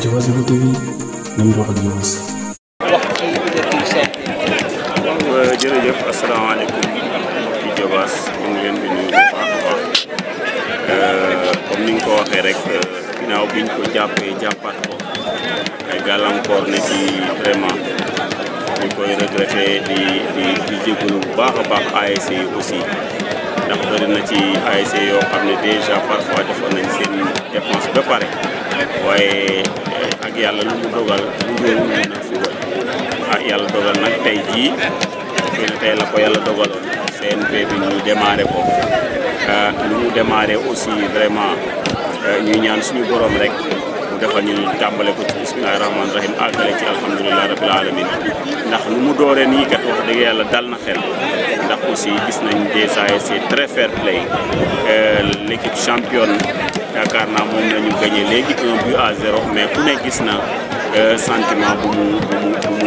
Jawaze bu TV nañ wax ak Jawaze. jërëjëf asalaamaaleykum mbokki Jawaze ñu ngi leen di nuyu euh, comme ni nga ko waxee rek euh, ginnaaw biñ ko jàppee jàppaat ko ay gàllankoor ne ci vraiment ñu koy regretté di di di bu baax a baax ASC yi aussi. ndax bëri na ci ASC yoo xam ne déjà parfois defoon nañ seen dépense ba pare waaye eh, ak yàlla lu mu dogal lu ñëwul nag suba yàlla dogal nag tey jii xëy na tey la ko yàlla dogaloon CNP bi ñu démarré ko lu ah, mu démarré aussi vraiment eh, ñuy ñaan suñu boroom rek. defal ñu tàmbale ko ci bismillahi rahmaani rahim àggale ci alhamdulilahi rabil alamin ndax nu mu dooree nii kat wax dëgg yàlla dal na xel ndax aussi gis nañ déjà c'est très fair play euh, l'équipe championne yaakaar naa moom la ñu gagné léegi bu but à zéro mais ku ne gis na euh, sentiment bu mu bu mu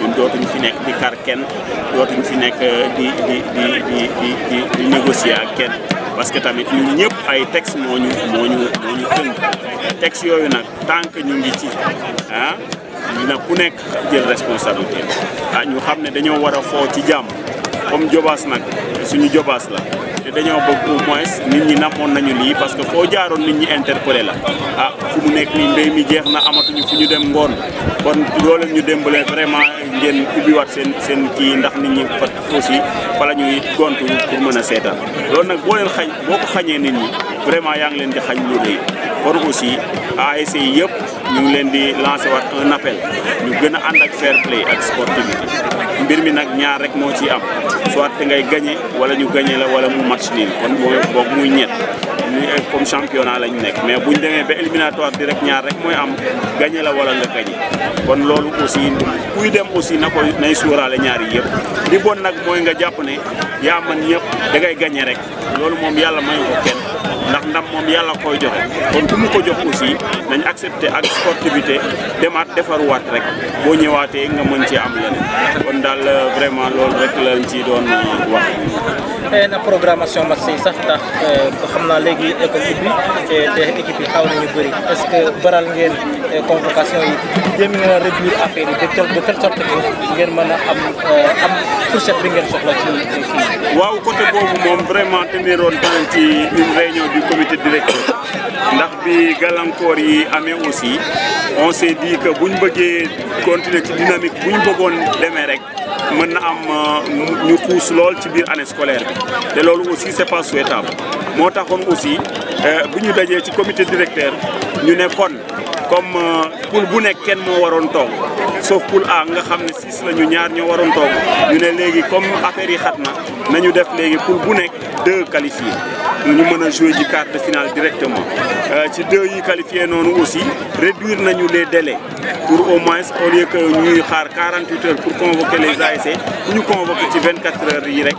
ñun dootuñ fi nekk di kar kenn dootuñ fi nekk euh, di di di di ak kenn parce que tamit ñun ñëpp ay texte moo ñu moo ñu moo ñu tënk texte yooyu nag tant que ñu ngi ci ah na ku nekk jël responsabilité ah ñu xam ne dañoo war a foo ci jàmm comme jobaas nag suñu jobaas la dañoo bëgg au moins nit ñi namoon nañu lii parce que foo jaaroon nit ñi interpellé la ah fu mu nekk nii mbéy mi jeex na amatuñu fu ñu dem ngoon kon loolu ñu démbalee vraiment ngeen ubbiwaat seen seen kii ndax nit ñi fa aussi fa la ñuy gontu pour mën a seetaan loolu nag boo leen xañ boo ko xañee nit ñi vraiment yaa ngi leen di xañ lu rëy kon aussi ASC yëpp ñu ngi leen di lancer waat un ñu gën a ànd ak fair play ak sportivité mbir mi nag ñaar rek moo ciy am soit te ngay gagné wala ñu gagné la wala mu match nii kon booy boog muy ñett ñu comme championnat lañ nekk mais buñ demee ba éliminatoire direk ñaar rek mooy am gagné la wala nga gagné kon loolu aussi kuy dem aussi na koy nay suuraale ñaari yi yëpp li nag mooy nga jàpp ne yaa man yëpp da ngay gagné rek loolu moom yàlla mayu ndax ndam mom yalla koy joxe kon ku mu ko jox aussi nañ accepter ak sportivité demaat wat rek bo ñewate nga mën ci am leneen kon dal euh, vraiment lool rek lañ ci doon euh, wax na programmation ma yi sax tax ko euh, xamna léegi école ubbi té équipe yi xaw nañu bëri est ce que baral ngeen convocation yi dem na réduire affaire yi de telle de sorte que ngeen mëna am am fourchette bi ngeen soxla ci waaw côté bobu mom vraiment teniroon danañ ci une réunion du comité directeur ndax bi gàllankoor yi amee aussi on s'est dit que bu ñu bëggee continuer ci dynamique bu ñu bëggoon demee rek mën na am euh, ñu xuus lool ci biir année scolaire bi te loolu aussi c'est pas souhaitable moo taxoon aussi euh, bu ñu dajee ci comité directeur ñu ne kon comme euh, pour bu nekk kenn moo waroon toog sauf poule A nga xam ne six la ñu ñaar ñoo ñu ne léegi comme affaire yi xat na nañu def léegi pour bu nekk deux qualifiés nous avons jouer du quart de finale directement euh, ci deux qualifié aussi réduire les délais pour au moins au lieu que nous xaar 48 heures pour convoquer les ASC nous convoquer 24 heures direct.